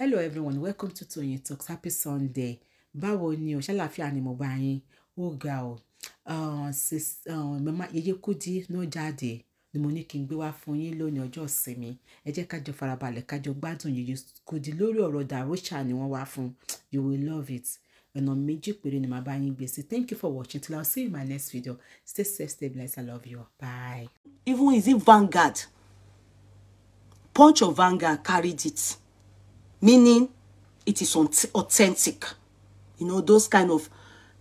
hello everyone welcome to Toyeen Talks happy sunday báwo ni o ṣàlàfíà ni mo bá yín ó ga o uh, uh, mama yeye Kudi ló jáde ni mo ní kí n gbé wá fún yín lónìí ọjọ́ ìsinmi ẹ jẹ́ kájọ farabalẹ̀ kájọ gbádùn yeye Kudi lórí ọ̀rọ̀ Darosha ni wọ́n wá fún you will love it ọ̀nà méjì péré ni màá bá yín gbé sí thank you for watching till i see you in my next video stay safe stay blessed i love you bye. even is it Vanguard punch of Vanguard carried it meaning it is authentic. You know, those kind of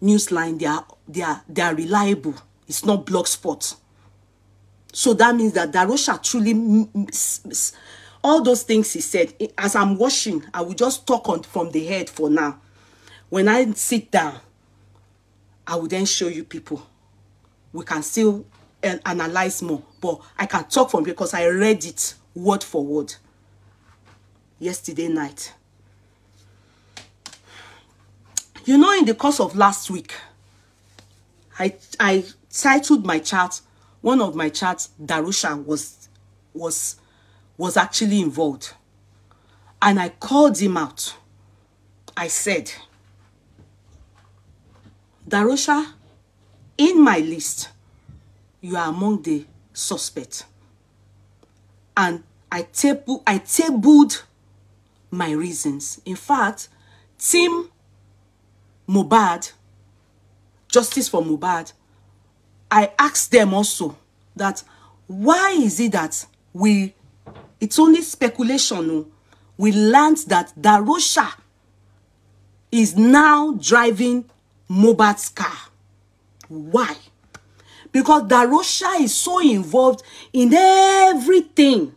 news line, they are, they are, they are reliable. It's not blogspot. So that means that Darosha truly, all those things he said, eh, as I'm watching, I will just talk on from the head for now. When I sit down, I will then show you people. We can still eh, analyze more, but I can talk from because I read it word for word yesterday night. You know, in the course of last week, I, I titled my chat. one of my chats, Darusha was, was, was actually involved. And I called him out. I said, Darusha, in my list, you are among the suspects, And I, table, I tabled my reasons. In fact, Team Mubad, Justice for Mubad, I asked them also that why is it that we, it's only speculation, no? we learned that Darosha is now driving Mubad's car. Why? Because Darosha is so involved in everything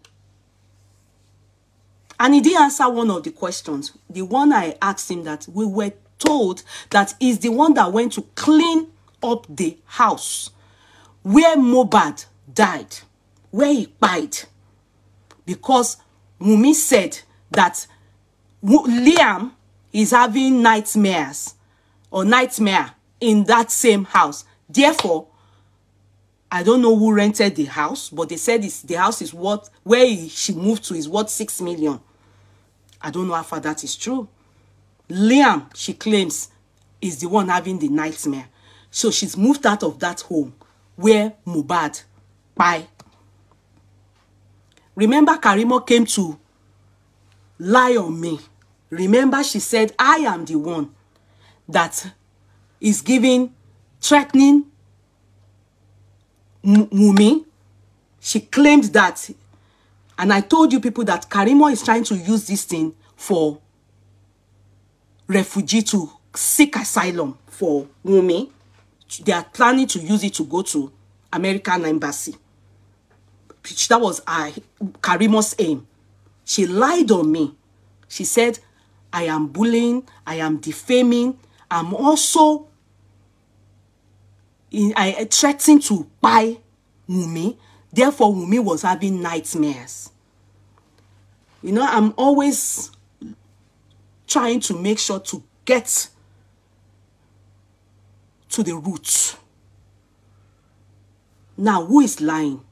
And he did answer one of the questions. The one I asked him that we were told that is the one that went to clean up the house where Mobad died, where he died. Because Mumi said that Liam is having nightmares or nightmare in that same house. Therefore, I don't know who rented the house, but they said it's, the house is what where he, she moved to is worth six million. I don't know how far that is true. Liam, she claims, is the one having the nightmare. So she's moved out of that home where Mubad by. Remember Karimo came to lie on me. Remember she said, I am the one that is giving, threatening Mumi. She claimed that And I told you people that Karimo is trying to use this thing for refugee to seek asylum for Wumi. They are planning to use it to go to American embassy. That was I, Karimo's aim. She lied on me. She said, I am bullying, I am defaming, I'm also in, I threatening to buy Wumi. Therefore, Wumi was having nightmares. You know, I'm always trying to make sure to get to the root. Now, who is lying?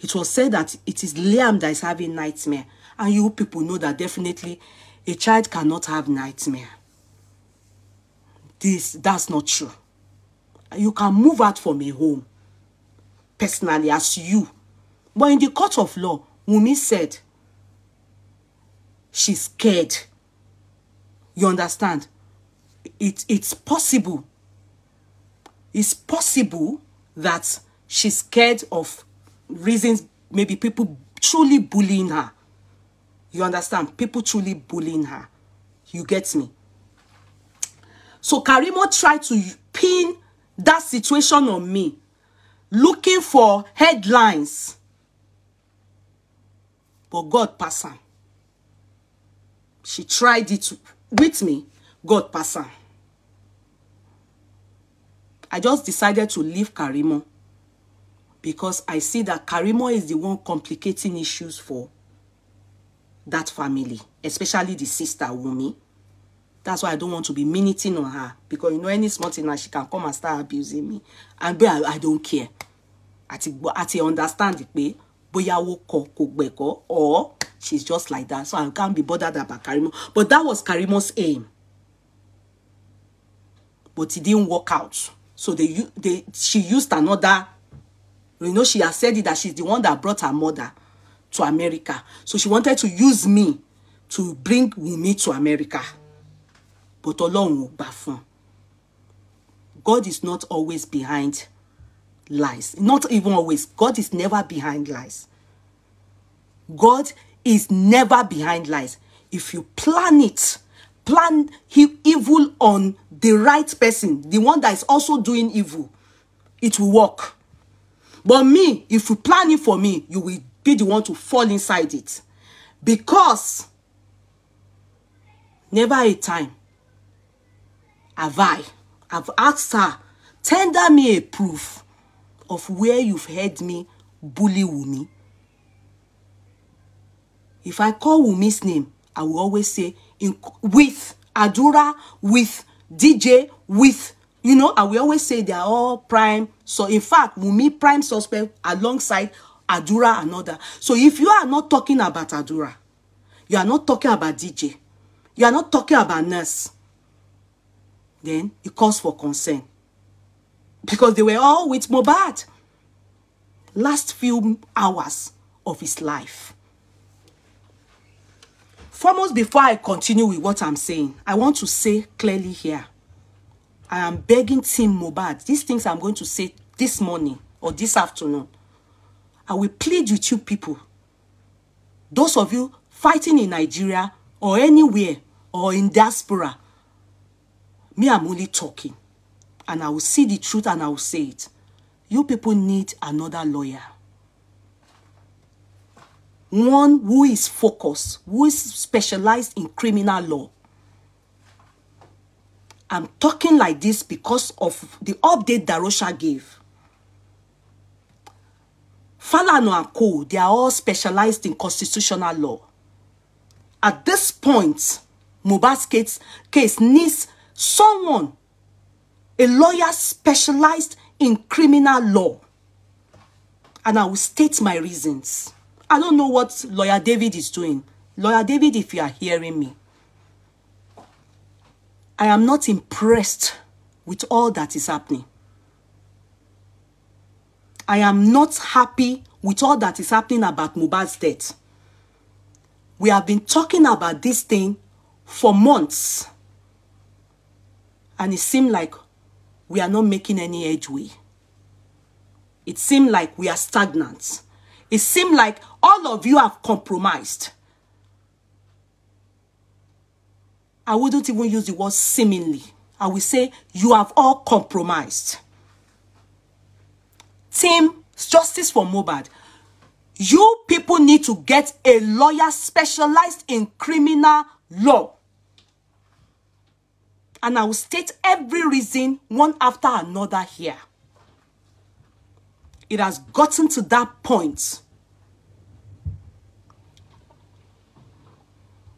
It was said that it is Liam that is having nightmare. And you people know that definitely a child cannot have nightmare. This, that's not true. You can move out from a home personally as you. But in the court of law, Wumi said she's scared. You understand? It, it's possible. It's possible that she's scared of reasons, maybe people truly bullying her. You understand? People truly bullying her. You get me? So Karimo tried to pin that situation on me. looking for headlines but god pass am she tried it with me god pass am i just decided to leave karimo because i see that karimo is the one complicating issues for that family especially the sister Wumi. That's why I don't want to be minuting on her. Because you know, any small thing now, she can come and start abusing me. And but I, I don't care. Àti gbọ́, àti understand pé bóyá ó kọ kò gbẹ̀kọ́ or she's just like that. So I can't be bothered about Karimo. But that was Karimo's aim. But it didn't work out. So they, they she used another you know, she has said it that she's the one that brought her mother to America. So she wanted to use me to bring Wumi to America. but ọlọ́run ò God is not always behind lies not even always God is never behind lies God is never behind lies if you plan it plan evil on the right person the one that is also doing evil it will work but me if you plan it for me you will be the one to fall inside it because never a time Have I? I've asked her, tender me a proof of where you've heard me bully Wumi. If I call Wumi's name, I will always say, in, with Adura, with DJ, with, you know, I will always say they are all prime. So in fact, Wumi prime suspect alongside Adura and other. So if you are not talking about Adura, you are not talking about DJ, you are not talking about nurse, then it calls for concern. Because they were all with Mobad. Last few hours of his life. Foremost, before I continue with what I'm saying, I want to say clearly here, I am begging Team Mobad, these things I'm going to say this morning or this afternoon, I will plead with you people, those of you fighting in Nigeria or anywhere or in diaspora, Me, I'm only talking. And I will see the truth and I will say it. You people need another lawyer. One who is focused, who is specialized in criminal law. I'm talking like this because of the update Darosha gave. Falano and Co, they are all specialized in constitutional law. At this point, Mubad's case needs someone, a lawyer specialized in criminal law. And I will state my reasons. I don't know what Lawyer David is doing. Lawyer David, if you are hearing me, I am not impressed with all that is happening. I am not happy with all that is happening about Mubad's death. We have been talking about this thing for months and it seemed like we are not making any headway. It seemed like we are stagnant. It seemed like all of you have compromised. I wouldn't even use the word seemingly. I will say you have all compromised. Team Justice for Mobad, you people need to get a lawyer specialized in criminal law and I will state every reason one after another here. It has gotten to that point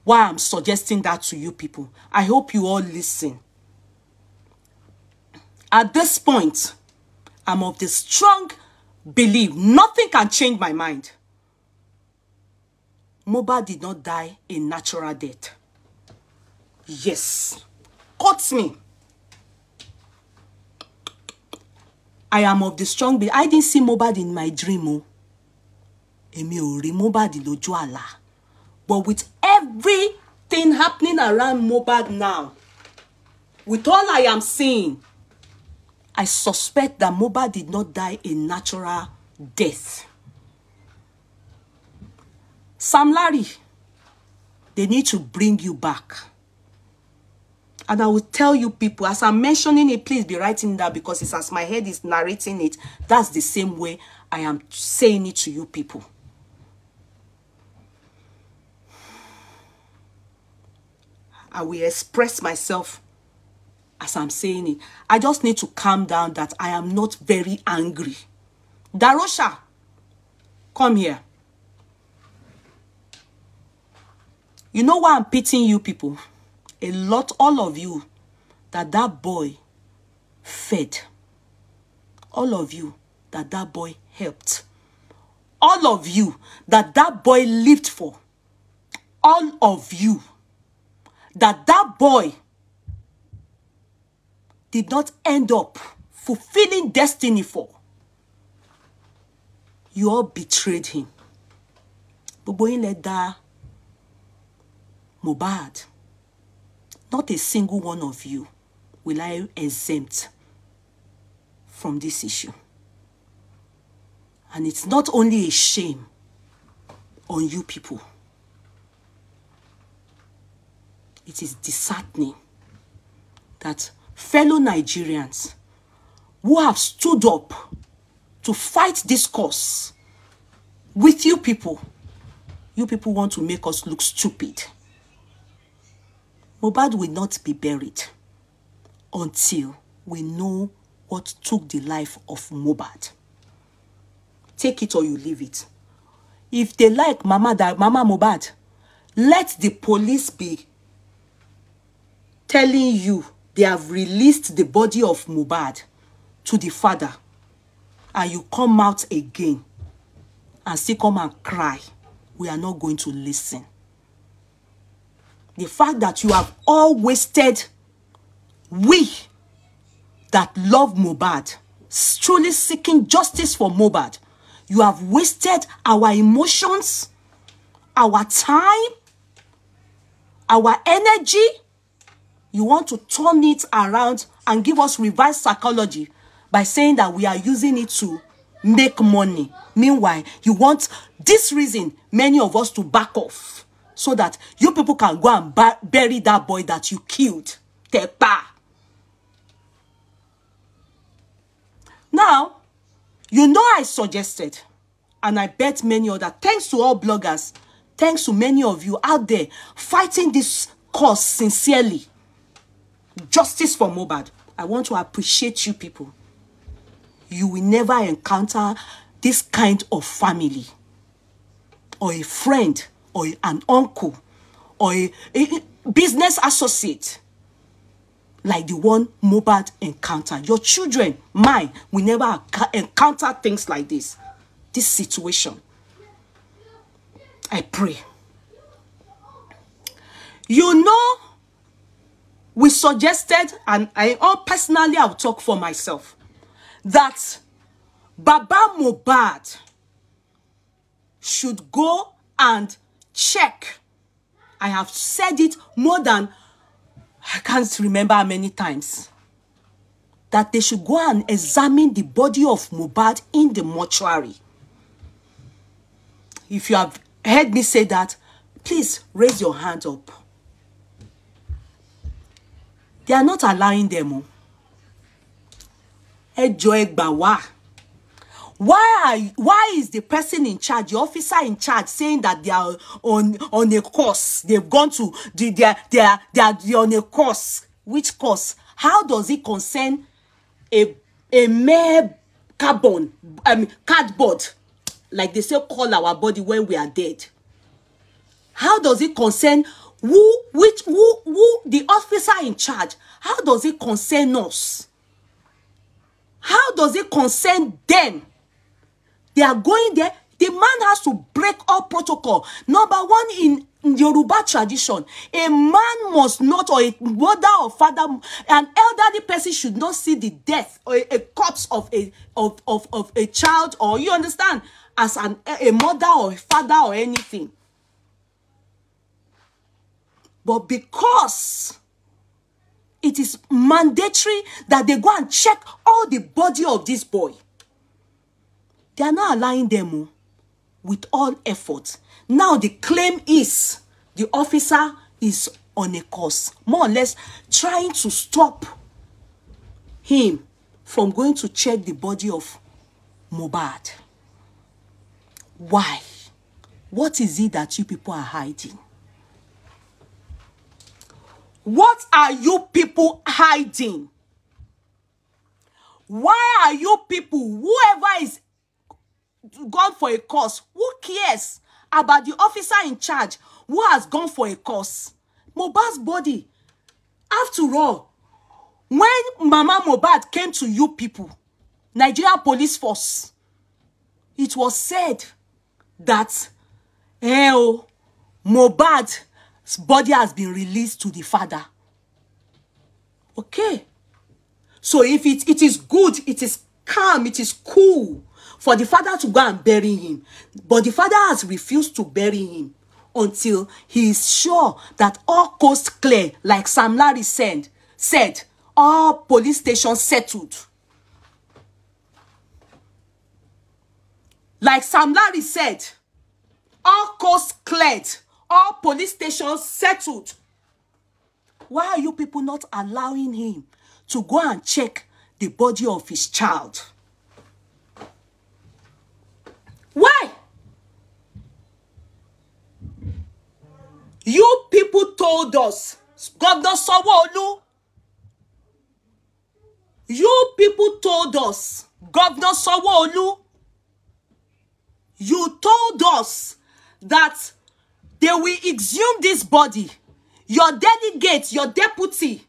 why I'm suggesting that to you people. I hope you all listen. At this point, I'm of the strong belief nothing can change my mind. Moba did not die a natural death. Yes cut me. I am of the strong belief. I didn't see Mohbad in my dream o. Oh. Èmi ò rí Mohbad But with everything happening around Mohbad now, with all I am seeing, I suspect that Mohbad did not die a natural death. Sam Larry, they need to bring you back. and I will tell you people, as I'm mentioning it, please be writing that because it's as my head is narrating it. That's the same way I am saying it to you people. I will express myself as I'm saying it. I just need to calm down that I am not very angry. Darosha, come here. You know why I'm pitying you people? a lot, all of you, that that boy fed. All of you that that boy helped. All of you that that boy lived for. All of you that that boy did not end up fulfilling destiny for. You all betrayed him. Gbogbo yín lẹ dà Mohbad. Not a single one of you will I exempt from this issue. And it's not only a shame on you people, it is disheartening that fellow Nigerians who have stood up to fight this cause with you people, you people want to make us look stupid. Mohbad will not be buried until we know what took the life of Mohbad. Take it or you leave it. If they like Mama, that, Mama Mohbad, let the police be telling you they have released the body of Mohbad to the father and you come out again and still come and cry. We are not going to listen the fact that you have all wasted we that love Mobad, truly seeking justice for Mobad, you have wasted our emotions, our time, our energy. You want to turn it around and give us revised psychology by saying that we are using it to make money. Meanwhile, you want this reason, many of us to back off so that you people can go and bury that boy that you killed. Tepa. Now, you know I suggested, and I bet many other, thanks to all bloggers, thanks to many of you out there fighting this cause sincerely. Justice for Mobad. I want to appreciate you people. You will never encounter this kind of family or a friend or an uncle or a, a business associate like the one Mohbad encountered. Your children, mine, we never encounter things like this. This situation. I pray. You know, we suggested, and I all personally, I'll talk for myself, that Baba Mohbad should go and check. I have said it more than I can't remember many times. That they should go and examine the body of Mubad in the mortuary. If you have heard me say that, please raise your hand up. They are not allowing them. Ẹ jọ̀ọ́ ẹ why are why is the person in charge the officer in charge saying that they are on on a course they've gone to they, they, are, they, are, they are they are on a course which course how does it concern a a mere carbon um, cardboard like they say call our body when we are dead how does it concern who which who who the officer in charge how does it concern us how does it concern them They are going there. The man has to break all protocol. Number one, in Yoruba tradition, a man must not, or a mother or father, an elderly person should not see the death or a, a corpse of a of, of, of a child, or you understand, as an a mother or a father or anything. But because it is mandatory that they go and check all the body of this boy. They are not allowing them oh, with all effort. Now the claim is the officer is on a course, more or less trying to stop him from going to check the body of Mubad. Why? What is it that you people are hiding? What are you people hiding? Why are you people, whoever is gone for a course who cares about the officer in charge who has gone for a course Mobad's body after all when Mama Mobad came to you people Nigeria police force it was said that eh oh Mohbad's body has been released to the father okay so if it it is good it is calm it is cool for the father to go and bury him. But the father has refused to bury him until he is sure that all coasts clear, like Sam Larry said, said all police stations settled. Like Sam Larry said, all coasts cleared, all police stations settled. Why are you people not allowing him to go and check the body of his child? You people told us, Governor Sanwo-Olu. You people told us, Governor Sanwo-Olu. You told us that they will exhume this body. Your delegate, your deputy,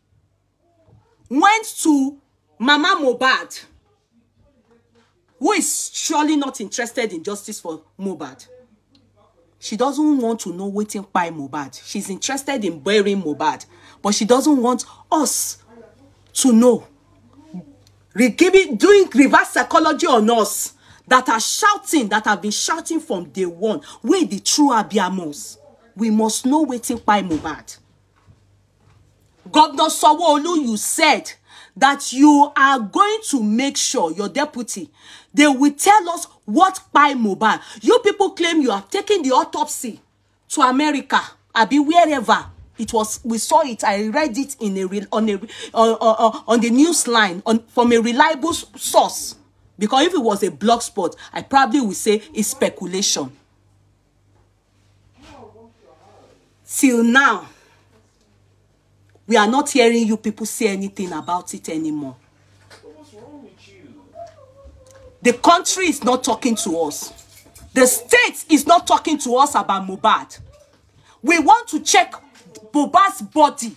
went to Mama Mohbad, who is surely not interested in justice for Mohbad she doesn't want to know wetin kpai mohbad she's interested in burying mohbad but she doesn't want us to know Re doing reverse psychology on us that are shouting that have been shouting from day one wey the true abiamos we must know wetin kpai mohbad governor sanwoolu you said that you are going to make sure your deputy they will tell us What by mobile? You people claim you have taken the autopsy to America, I be wherever it was we saw it i read it in a real on a uh, uh, uh, on the news line on from a reliable source because if it was a blog spot i probably would say it's speculation till now we are not hearing you people say anything about it anymore The country is not talking to us. The state is not talking to us about Mohbad. We want to check Mohbad's body.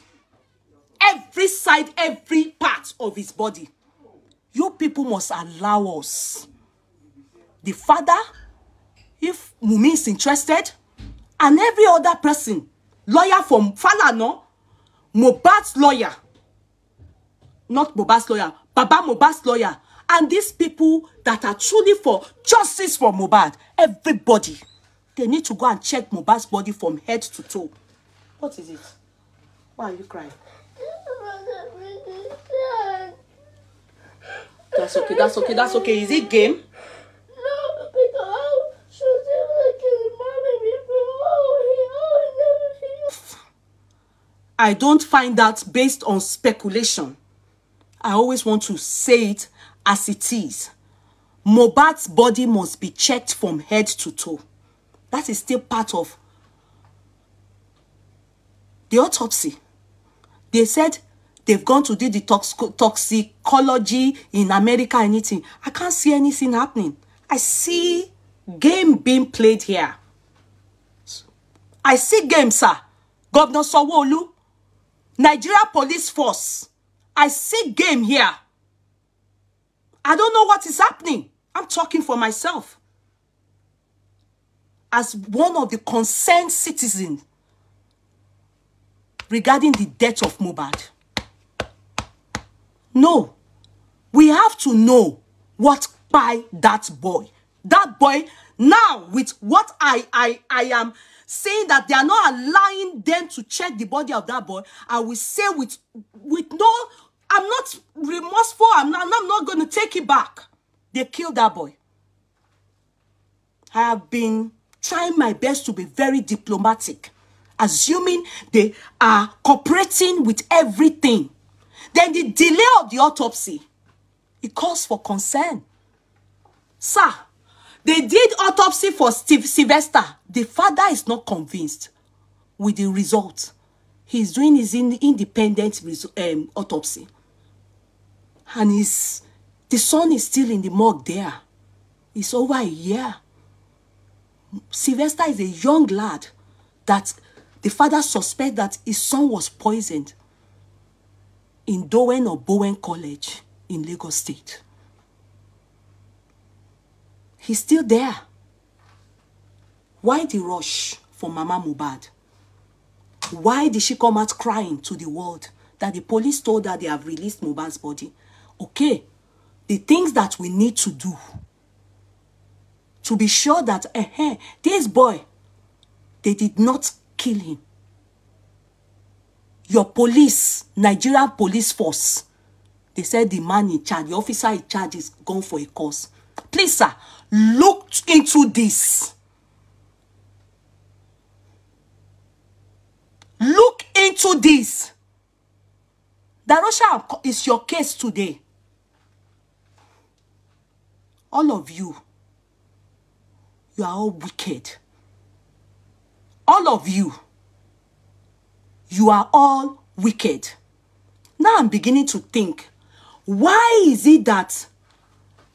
Every side, every part of his body. You people must allow us. The father, if Mumi is interested, and every other person, lawyer from Falana, Mohbad's lawyer, not Mohbad's lawyer, Baba Mohbad's lawyer, And these people that are truly for justice for Mubad, everybody, they need to go and check Mubad's body from head to toe. What is it? Why are you crying? That's okay, that's okay, that's okay. Is it game? No, because she was killing mommy before. I don't find that based on speculation. I always want to say it as it is. Mobat's body must be checked from head to toe. That is still part of the autopsy. They said they've gone to do the toxicology in America, anything. I can't see anything happening. I see game being played here. I see game, sir. Governor Sawolu, Nigeria Police Force. I see game here. I don't know what is happening. I'm talking for myself. As one of the concerned citizens regarding the death of Mubad. No, we have to know what by that boy. That boy, now with what I, I, I am saying that they are not allowing them to check the body of that boy, I will say with, with no I'm not remorseful. I'm not, I'm not going to take it back. They killed that boy. I have been trying my best to be very diplomatic, assuming they are cooperating with everything. Then the delay of the autopsy, it calls for concern. Sir, they did autopsy for Steve Sylvester. The father is not convinced with the result. He's doing his in independent um, autopsy and his, the son is still in the morgue there. It's over a year. Sylvester is a young lad that the father suspects that his son was poisoned in Dowen or Bowen College in Lagos State. He's still there. Why the rush for Mama Mubad? Why did she come out crying to the world that the police told her they have released Mubad's body? okay, the things that we need to do to be sure that eh, eh, this boy, they did not kill him. Your police, Nigerian police force, they said the man in charge, the officer in charge is gone for a cause. Please, sir, look into this. Look into this. That Russia is your case today. All of you, you are all wicked. All of you, you are all wicked. Now I'm beginning to think, why is it that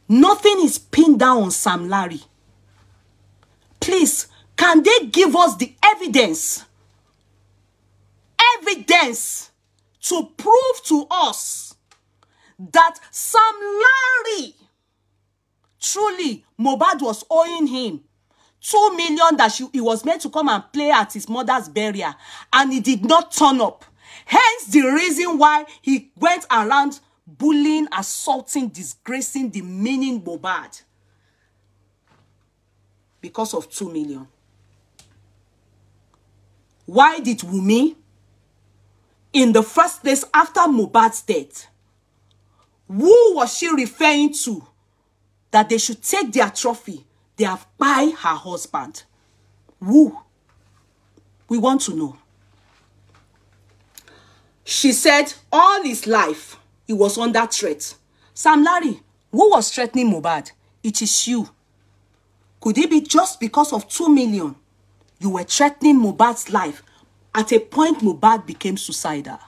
nothing is pinned down on Sam Larry? Please, can they give us the evidence? Evidence to prove to us that Sam Larry truly Mohbad was owing him two million that she, he was meant to come and play at his mother's burial and he did not turn up hence the reason why he went around bullying assaulting disgracing demeaning Mohbad because of two million why did Wumi, in the first place after Mohbad's death who was she referring to that they should take their trophy they have by her husband. Who? We want to know. She said all his life he was under threat. Sam Larry, who was threatening Mubad? It is you. Could it be just because of two million you were threatening Mubad's life? At a point, Mubad became suicidal.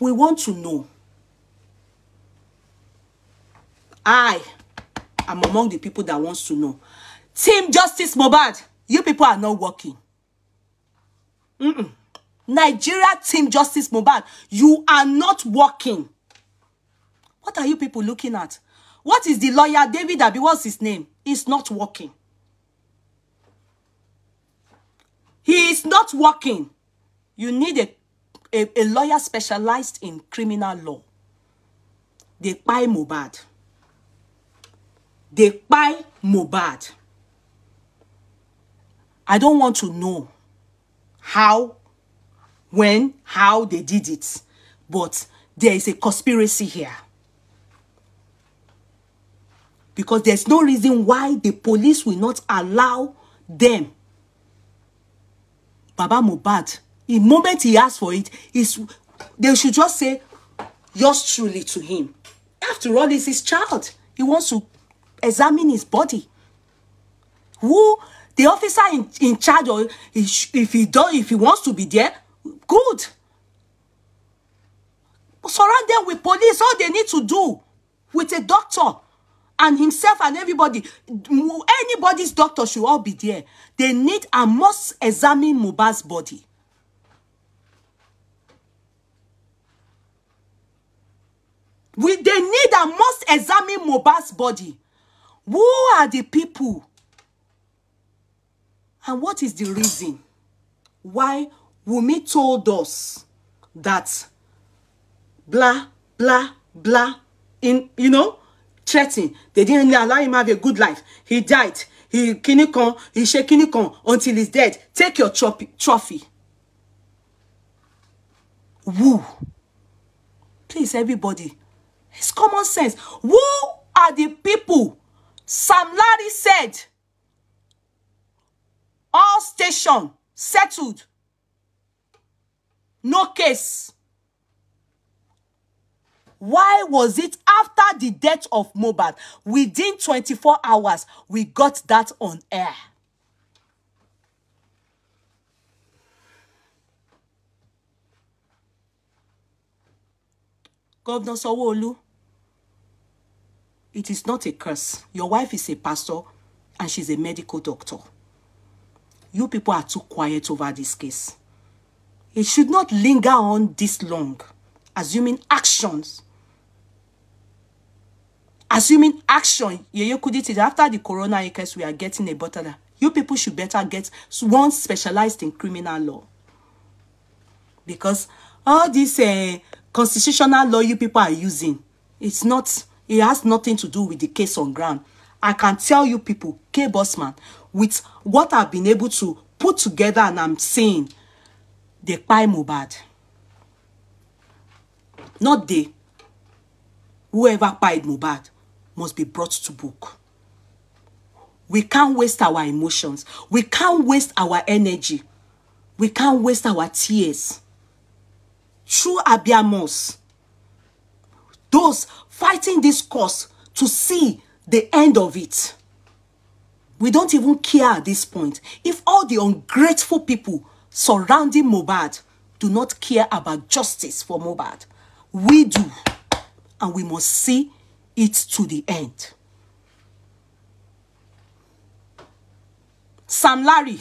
We want to know I am among the people that wants to know. Team Justice Mohbad, you people are not working. Mm-mm. Nigeria Team Justice Mohbad, you are not working. What are you people looking at? What is the lawyer David Abi? What's his name? He's not working. He is not working. You need a, a, a lawyer specialized in criminal law. They buy Mohbad. They buy mohbad i don't want to know how when how they did it but there is a conspiracy here because there's no reason why the police will not allow them baba mohbad the moment he asked for it is they should just say yours truly to him after all it's his child he wants to examine his body. Who the officer in, in charge or if he don't, if he wants to be there, good. Surround them with police. All they need to do with a doctor and himself and everybody. Anybody's doctor should all be there. They need and must examine Mubarak's body. We, they need and must examine Mubarak's body. Who are the people? And what is the reason why Wumi told us that blah, blah, blah, in, you know, threatening. They didn't allow him have a good life. He died. He kinikon, he she kinikon until he's dead. Take your trophy. Woo. Please, everybody. It's common sense. Who are the people Sam Larry said, all station settled. No case. Why was it after the death of Mohbad, within 24 hours, we got that on air? Governor Sawolu. olu It is not a curse. Your wife is a pastor and she's a medical doctor. You people are too quiet over this case. It should not linger on this long, assuming actions. Assuming action, Yeye Kudi did after the corona case, we are getting a better. You people should better get one specialized in criminal law. Because all this uh, constitutional law you people are using, it's not It has nothing to do with the case on ground. I can tell you people, K Bossman, with what I've been able to put together and I'm saying, they buy Mobad. Not they. Whoever buy Mobad must be brought to book. We can't waste our emotions. We can't waste our energy. We can't waste our tears. True abiamos. Those fighting this cause to see the end of it. We don't even care at this point. If all the ungrateful people surrounding Mobad do not care about justice for Mobad, we do. And we must see it to the end. Sam Larry,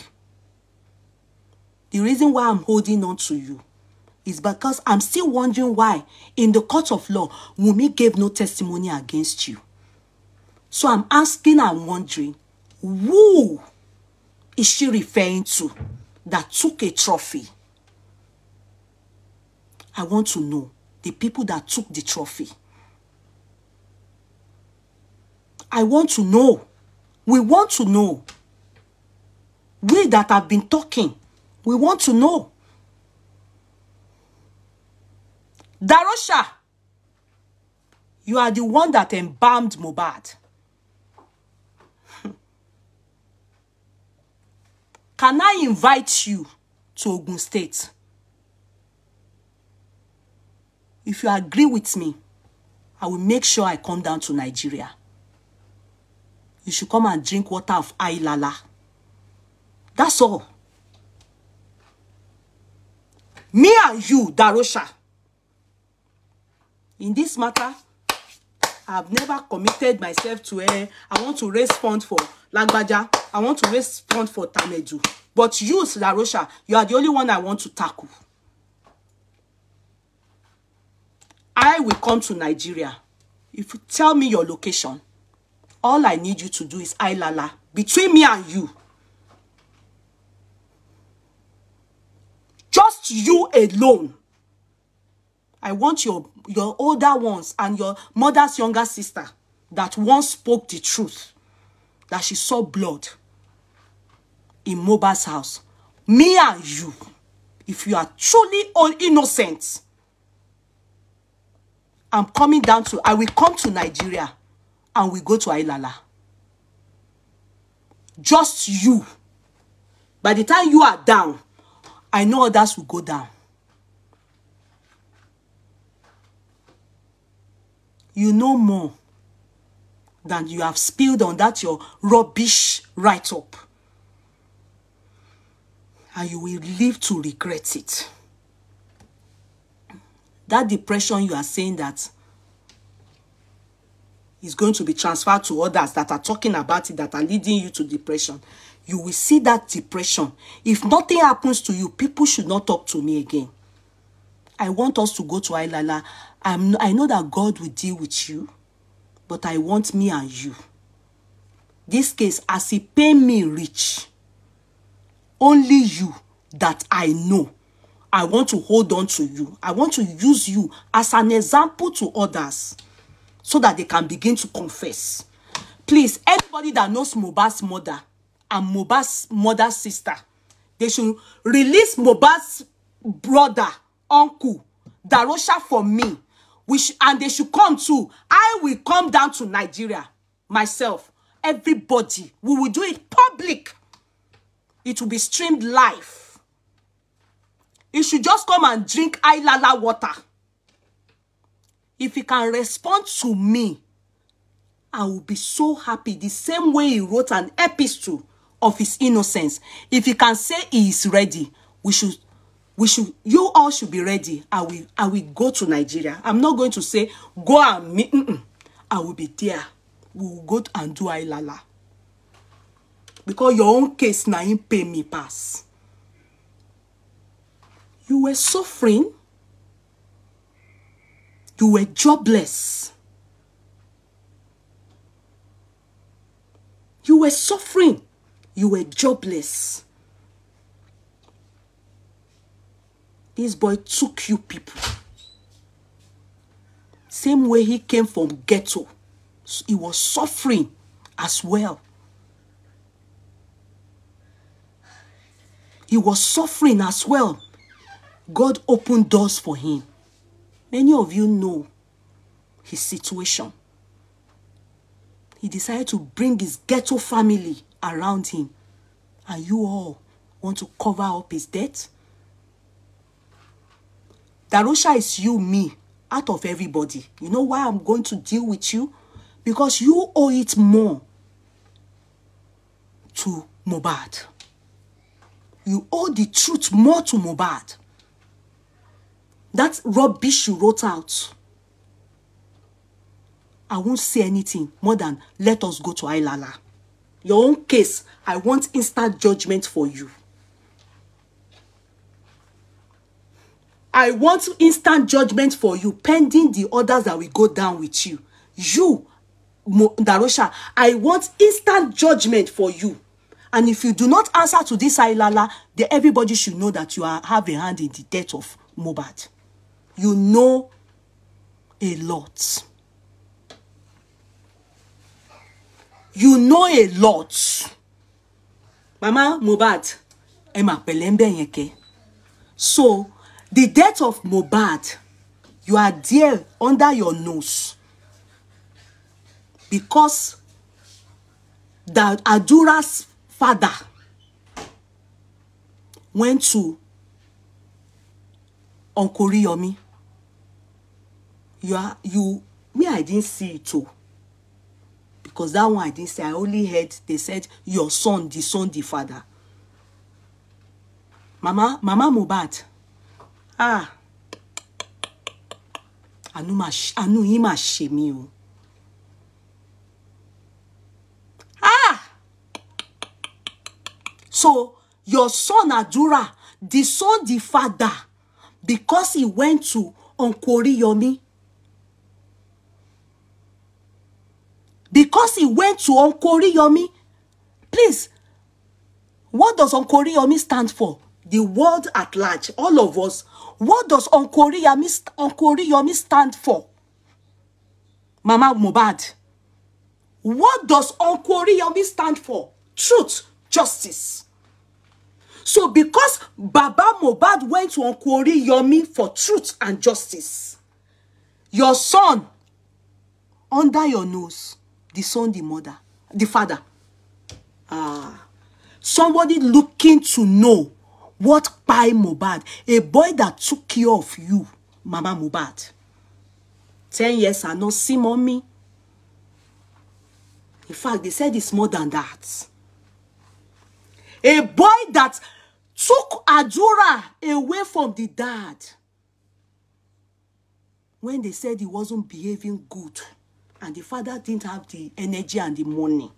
the reason why I'm holding on to you is because I'm still wondering why, in the court of law, Wumi gave no testimony against you. So I'm asking and wondering, who is she referring to that took a trophy? I want to know the people that took the trophy. I want to know. We want to know. We that have been talking, we want to know. Darosha, you are the one that embalmed Mobad. Can I invite you to Ogun State? If you agree with me, I will make sure I come down to Nigeria. You should come and drink water of Ailala. That's all. Me and you, Darosha in this matter I've never committed myself to eh, I want to raise funds for Lagbaja. I want to raise funds for Tamedu. But you, Larosha, you are the only one I want to tackle. I will come to Nigeria. If you tell me your location, all I need you to do is Ailala. Between me and you. Just you alone. I want your, your older ones and your mother's younger sister that once spoke the truth, that she saw blood in Moba's house. Me and you, if you are truly all innocent, I'm coming down to, I will come to Nigeria and we go to Ilala. Just you. By the time you are down, I know others will go down. you know more than you have spilled on that your rubbish write up. And you will live to regret it. That depression you are saying that is going to be transferred to others that are talking about it, that are leading you to depression. You will see that depression. If nothing happens to you, people should not talk to me again. I want us to go to Ailala I'm, I know that God will deal with you, but I want me and you. This case, as he pain me rich, only you that I know, I want to hold on to you. I want to use you as an example to others so that they can begin to confess. Please, anybody that knows Mobad's mother and Mobad's mother's sister, they should release Mobad's brother, uncle, Darosha for me we sh- and they should come too. I will come down to Nigeria myself. Everybody, we will do it public. It will be streamed live. You should just come and drink Ilala water. If he can respond to me, I will be so happy. The same way he wrote an epistle of his innocence. If he can say he is ready, we should we should you all should be ready i will i will go to nigeria i'm not going to say go and meet mm -mm. i will be there we will go and do ailala because your own case now, him pay me pass you were suffering you were jobless you were suffering you were jobless This boy took you people. Same way he came from ghetto. He was suffering as well. He was suffering as well. God opened doors for him. Many of you know his situation. He decided to bring his ghetto family around him. And you all want to cover up his death? Darusha is you, me, out of everybody. You know why I'm going to deal with you? Because you owe it more to Mobad. You owe the truth more to Mobad. That rubbish you wrote out. I won't say anything more than let us go to Ilala. Your own case, I want instant judgment for you. I want instant judgment for you, pending the others that will go down with you. You, Darosha, I want instant judgment for you. And if you do not answer to this Ailala, then everybody should know that you are, have a hand in the death of Mobat. You know a lot. You know a lot. Mama Mobat, Emma Pelembeyeke. So, the death of Mohbad you are there under your nose because that Adura's father went to Uncle Riyomi. You are you me I didn't see it too. Because that one I didn't see. I only heard they said your son, the son, the father. Mama, Mama Mohbad. Ah, àánú yín mà ṣe mí o. Ah. So your son Adura disowned the father because he went to Uncle Yomi. Because he went to Uncle Yomi. Please, what does Uncle Yomi stand for? the world at large, all of us, what does Uncle Yomi stand for? Mama Mubad, what does Uncle Yomi stand for? Truth, justice. So because Baba Mubad went to Uncle Yomi for truth and justice, your son, under your nose, son, the mother, the father. Ah, somebody looking to know What by Mohbad? A boy that took care of you, Mama Mohbad. 10 years I not see mommy. In fact, they said it's more than that. A boy that took Adura away from the dad. When they said he wasn't behaving good and the father didn't have the energy and the money.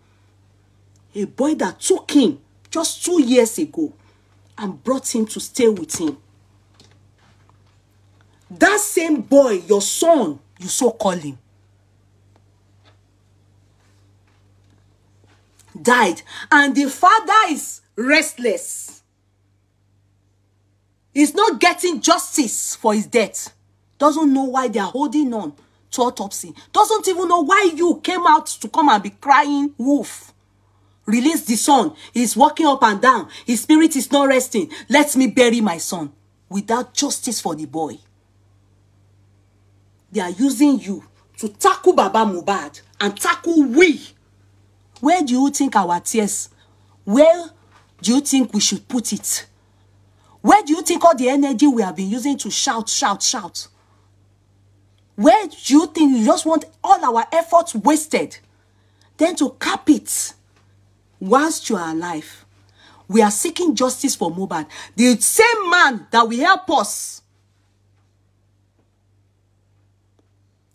A boy that took him just two years ago and brought him to stay with him. That same boy, your son, you so call him, died. And the father is restless. He's not getting justice for his death. Doesn't know why they are holding on to autopsy. Doesn't even know why you came out to come and be crying wolf. Release the son. He's walking up and down. His spirit is not resting. Let me bury my son without justice for the boy. They are using you to tackle Baba Mubad and tackle we. Where do you think our tears? Where do you think we should put it? Where do you think all the energy we have been using to shout, shout, shout? Where do you think you just want all our efforts wasted? Then to cap it whilst you are alive, we are seeking justice for Mohbad. The same man that will help us.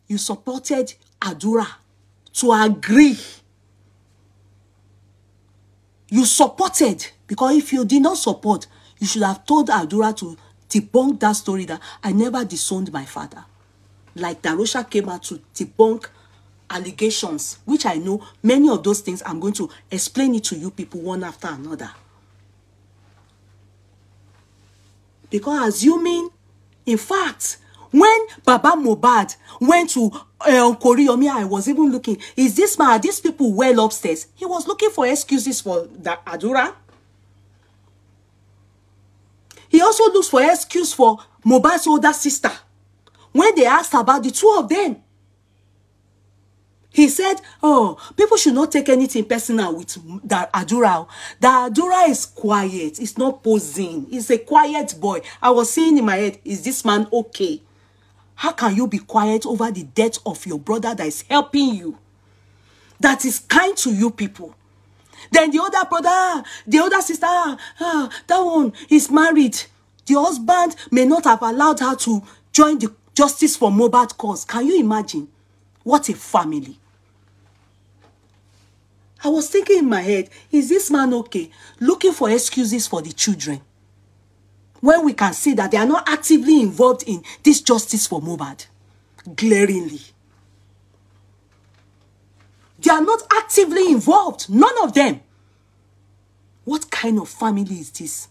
You supported Adura to agree. You supported because if you did not support, you should have told Adura to debunk that story that I never disowned my father. Like Darusha came out to debunk allegations, which I know many of those things, I'm going to explain it to you people one after another. Because assuming, in fact, when Baba Mobad went to uh, eh, Koriyomi, I was even looking, is this man, these people well upstairs? He was looking for excuses for the Adura. He also looks for excuse for Mobad's older sister. When they asked about the two of them, He said, oh, people should not take anything personal with that Adura. The Adura is quiet. It's not posing. He's a quiet boy. I was saying in my head, is this man okay? How can you be quiet over the death of your brother that is helping you? That is kind to you people. Then the other brother, ah, the other sister, ah, ah, that one is married. The husband may not have allowed her to join the Justice for Mobad cause. Can you imagine? What a family. I was thinking in my head, is this man okay? Looking for excuses for the children. When we can see that they are not actively involved in this justice for Mobad, glaringly. They are not actively involved, none of them. What kind of family is this?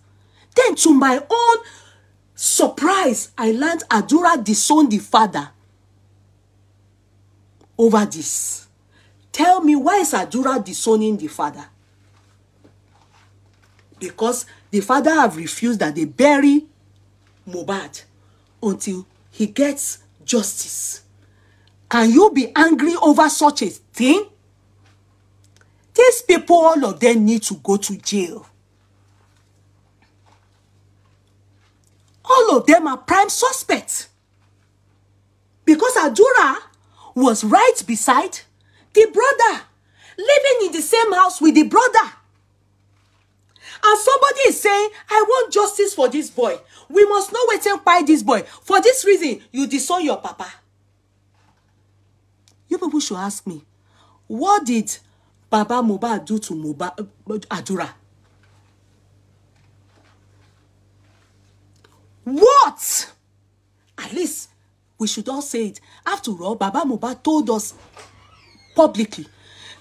Then to my own surprise, I learned Adura disowned the father over this. Tell me, why is Ajura disowning the father? Because the father have refused that they bury Mubad until he gets justice. Can you be angry over such a thing? These people, all of them need to go to jail. All of them are prime suspects. Because Adura was right beside the brother living in the same house with the brother. And somebody is saying, I want justice for this boy. We must not wait and buy this boy. For this reason, you disown your papa. You people should ask me, what did Baba Moba do to Moba uh, Adura? What? At least we should all say it. After all, Baba Moba told us publicly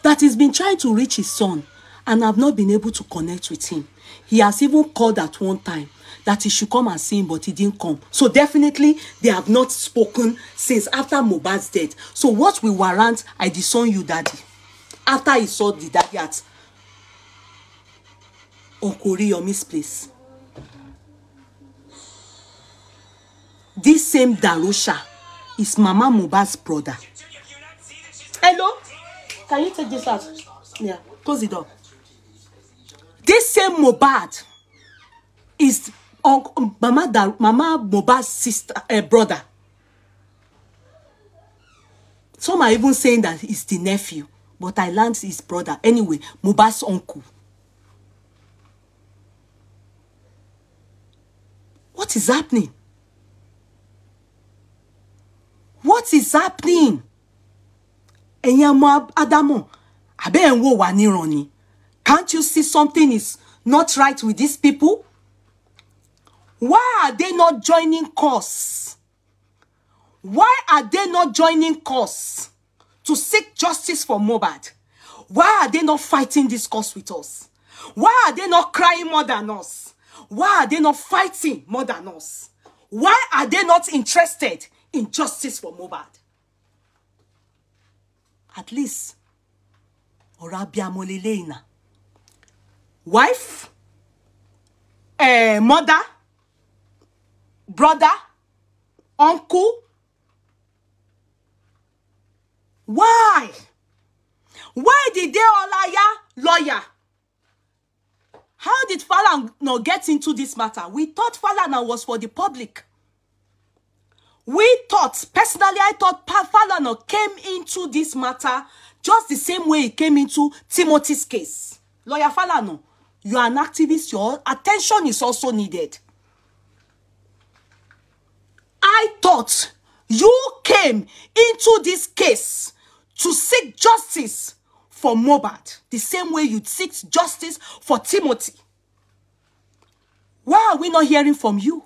that he's been trying to reach his son and have not been able to connect with him. He has even called at one time that he should come and see him, but he didn't come. So definitely they have not spoken since after Mohbad's death. So what will warrant I disown you, daddy? After he saw the daddy at Uncle Riyomi's place. This same Darusha is Mama Mohbad's brother. Hello? Can you take this out? Yeah, close the door. This same Mohbad is um, Mama, da, Mama Mohbad's sister, uh, brother. Some are even saying that he's the nephew, but I learned his brother. Anyway, Mohbad's uncle. What is happening? What is happening? ẹ̀yin ọmọ ádámọ̀ àbẹ́ ẹ̀ ń wò wá níran ni can't you see something is not right with these people why are they not joining cause why are they not joining cause to seek justice for Mohbad why are they not fighting this cause with us why are they not crying more than us why are they not fighting more than us why are they not interested in justice for Mohbad at least ọ̀rọ̀ abiyamọ lélẹ́yìn náà wife eh, mother brother uncle why why did Deolaya lawyer how did Falana get into this matter we thought Falana was for the public We thought, personally, I thought Falano came into this matter just the same way he came into Timothy's case. Lawyer Falano, you are an activist. Your attention is also needed. I thought you came into this case to seek justice for Mobad, the same way you seek justice for Timothy. Why are we not hearing from you?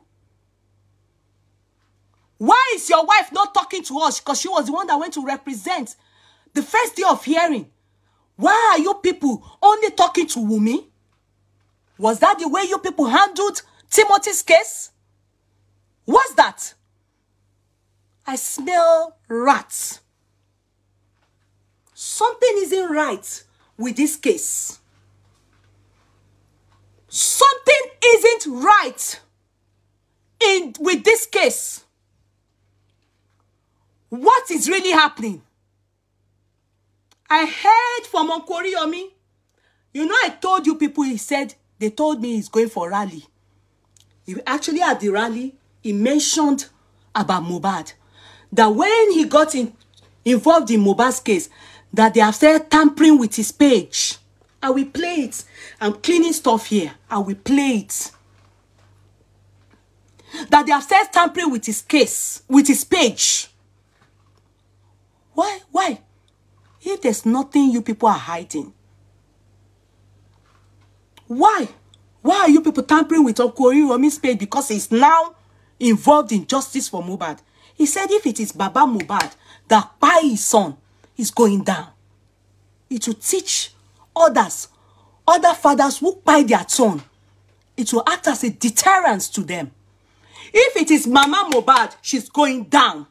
Why is your wife not talking to us? Because she was the one that went to represent the first day of hearing. Why are you people only talking to Wumi? Was that the way you people handled Timothy's case? What's that? I smell rats. Something isn't right with this case. Something isn't right in, with this case. what is really happening i heard from Uncle Oriyomi you know i told you people he said they told me he's going for rally he actually at the rally he mentioned about Mohbad that when he got in, involved in Mohbad's case that they have said tampering with his page i will play it i'm cleaning stuff here i will play it that they have said tampering with his case with his page Why? Why? If there's nothing you people are hiding, why? Why are you people tampering with Okori Romi's page because he's now involved in justice for Mubad? He said if it is Baba Mubad that by his son is going down, it will teach others, other fathers who buy their son. It will act as a deterrent to them. If it is Mama Mubad, she's going down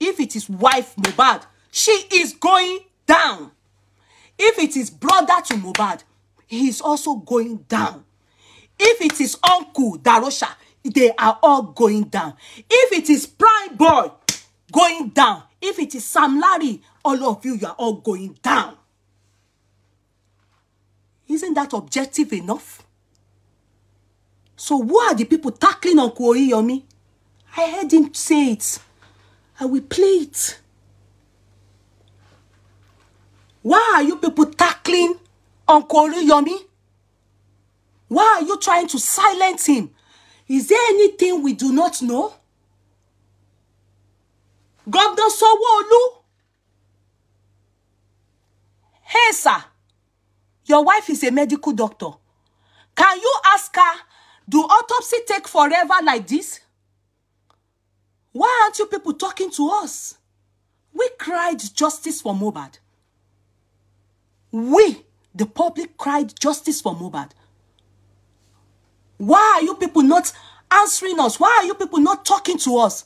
if it is wife Mohbad she is going down if it is brother to Mohbad he is also going down if it is uncle Darosha they are all going down if it is prime boy going down if it is Sam Larry all of you you are all going down isn't that objective enough so who are the people tackling Uncle Oyiyomi I heard him say it I will play it. Why are you people tackling Uncle Yomi? Why are you trying to silence him? Is there anything we do not know? Governor Sowolu? Hey, sir. Your wife is a medical doctor. Can you ask her, do autopsy take forever like this? Why aren't you people talking to us? We cried justice for Mobad. We, the public, cried justice for Mobad. Why are you people not answering us? Why are you people not talking to us?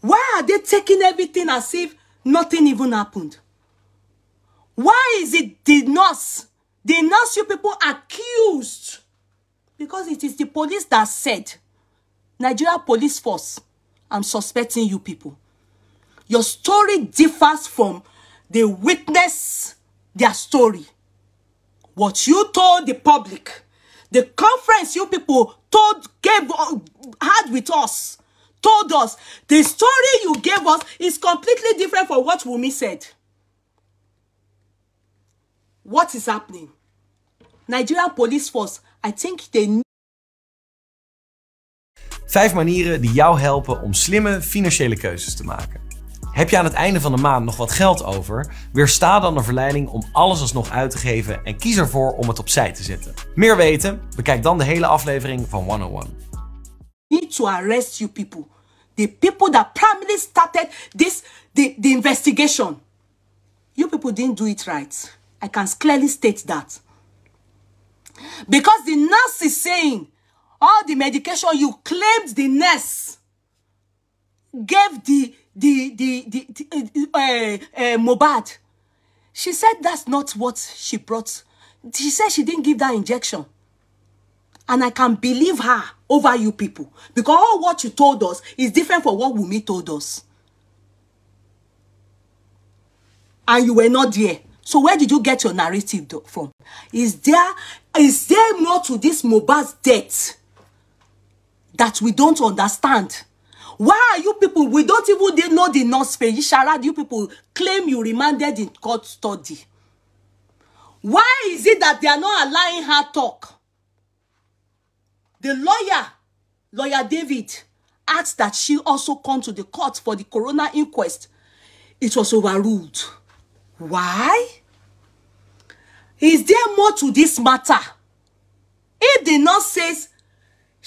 Why are they taking everything as if nothing even happened? Why is it the nurse? The nurse you people accused. Because it is the police that said, Nigeria Police Force, I'm suspecting you people. Your story differs from the witness their story. What you told the public, the conference you people told, gave, uh, had with us, told us, the story you gave us is completely different from what Wumi said. What is happening? Nigerian police force, I think they Vijf manieren die jou helpen om slimme financiële keuzes te maken. Heb je aan het einde van de maand nog wat geld over? Weersta dan de verleiding om alles alsnog uit te geven en kies ervoor om het opzij te zetten. Meer weten? Bekijk dan de hele aflevering van 101. Need to arrest you people. The people that primarily started this the, the investigation. You people didn't do it right. I can clearly state that. Because the nurse is saying all the medication you claimed the nurse gave the the the the, the uh, uh, Mobad. She said that's not what she brought. She said she didn't give that injection. And I can believe her over you people. Because all what you told us is different from what Wumi told us. And you were not there. So where did you get your narrative from? Is there is there more to this mobad's death that we don't understand. Why are you people? We don't even know the North Pay. Sharad, you people claim you remanded in court study. Why is it that they are not allowing her talk? The lawyer, lawyer David, asked that she also come to the court for the coroner inquest. It was overruled. Why? Is there more to this matter? If the nurse says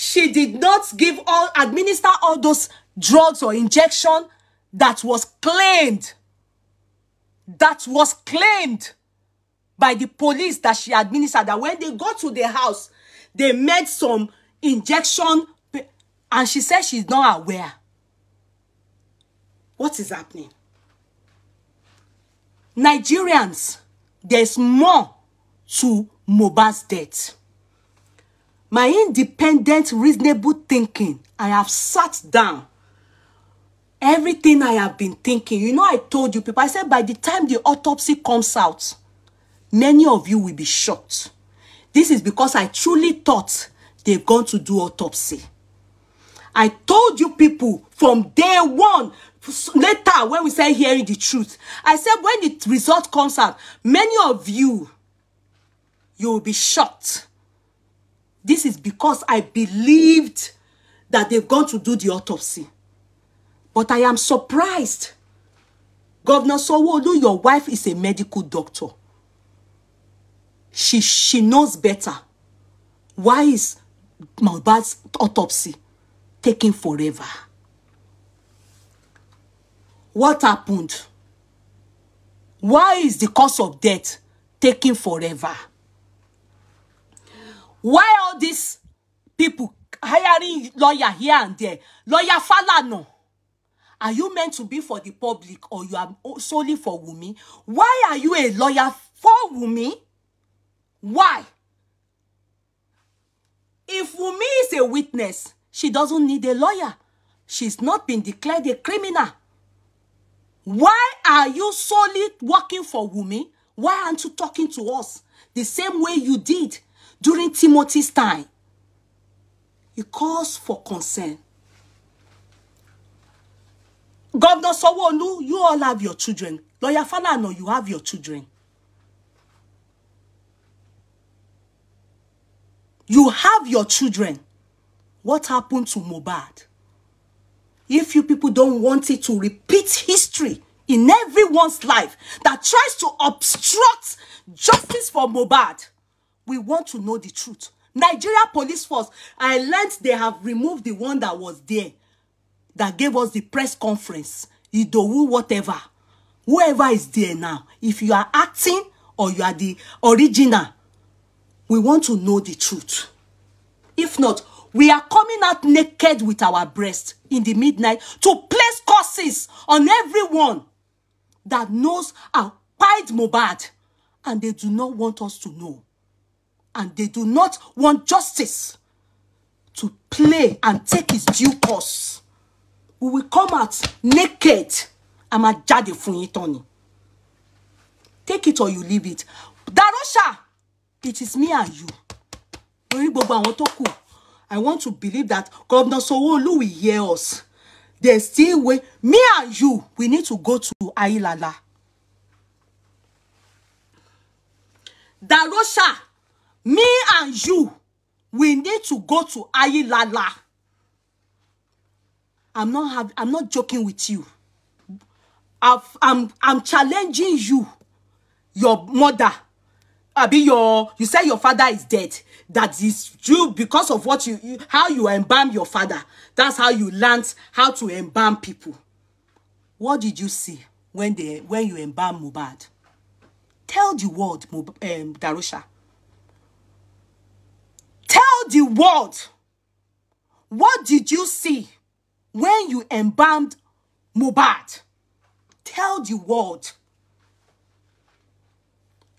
she did not give all administer all those drugs or injection that was claimed that was claimed by the police that she administered that when they go to the house they made some injection and she said she's not aware what is happening nigerians there's more to Mohbad's death my independent reasonable thinking i have sat down everything i have been thinking you know i told you people i said by the time the autopsy comes out many of you will be shocked this is because i truly thought they've gone to do autopsy i told you people from day one later when we start hearing the truth i said when the result comes out many of you you will be shocked This is because I believed that they've gone to do the autopsy. But I am surprised. Governor Sowolu, your wife is a medical doctor. She, she knows better. Why is Mohbad's autopsy taking forever? What happened? Why is the cause of death taking forever? Why all these people hiring lawyer here and there? Lawyer no. Are you meant to be for the public or you are solely for Wumi? Why are you a lawyer for Wumi? Why? If Wumi is a witness, she doesn't need a lawyer. She's not been declared a criminal. Why are you solely working for Wumi? Why aren't you talking to us the same way you did during Timothy's time. He calls for concern. Governor Sowolu, you all have your children. Lawyer Falana, you have your children. You have your children. What happened to Mobad? If you people don't want it to repeat history in everyone's life that tries to obstruct justice for Mobad, We want to know the truth. Nigeria Police Force, I learned they have removed the one that was there that gave us the press conference. Idowu, whatever. Whoever is there now, if you are acting or you are the original, we want to know the truth. If not, we are coming out naked with our breasts in the midnight to place curses on everyone that knows our pride Mobad and they do not want us to know. and they do not want justice to play and take its due course. We will come out naked. A máa jáde fún yín tán Take it or you leave it. Darosha, it is me and you. Lórí gbogbo àwọn I want to believe that Governor Sowolu will hear us. There's still way. Me and you, we need to go to Ayilala. Darosha, me and you we need to go to ayilala i'm not have, i'm not joking with you I've, i'm i'm challenging you your mother abi your you say your father is dead that is you because of what you, you how you embalm your father that's how you learned how to embalm people what did you see when they when you embalm Mohbad tell the world um, Darusha Tell the world, what did you see when you embalmed Mubad? Tell the world.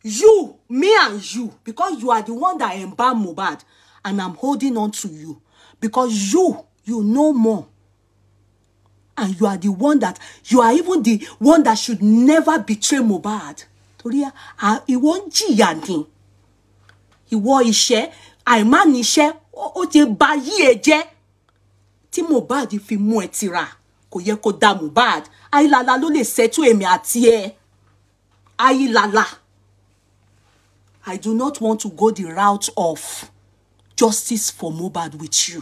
You, me and you, because you are the one that embalmed Mubad, and I'm holding on to you. Because you, you know more. And you are the one that, you are even the one that should never betray Mubad. Torí ìwọ ń He ni. his share àìmáníṣẹ́ ó ti ba yí ẹ jẹ́ tí Mohbad fi mú ẹ tira kò yẹ kó da Mohbad ayílala ló lè ṣètò èmi àti ẹ ayílala I do not want to go the route of justice for Mohbad with you.